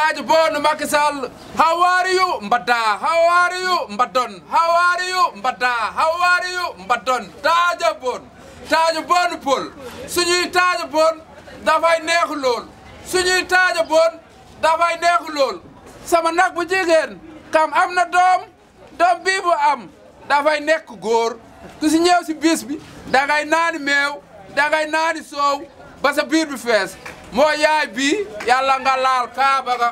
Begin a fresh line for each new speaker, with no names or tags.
mbaddajo bonno makky sall how are you mbadda mbaddon how are you mbaddon taaja bon taaja bon pol suñuy taaja bon dafay neexu lool sama nag bu jigéen kam am na doom doom bii am dafay nekk góor ku si ñëw si bis bi dangay naani meew dangay naani soow ba sa biir fees moo yaay bi yàlla nga laal kaaba ga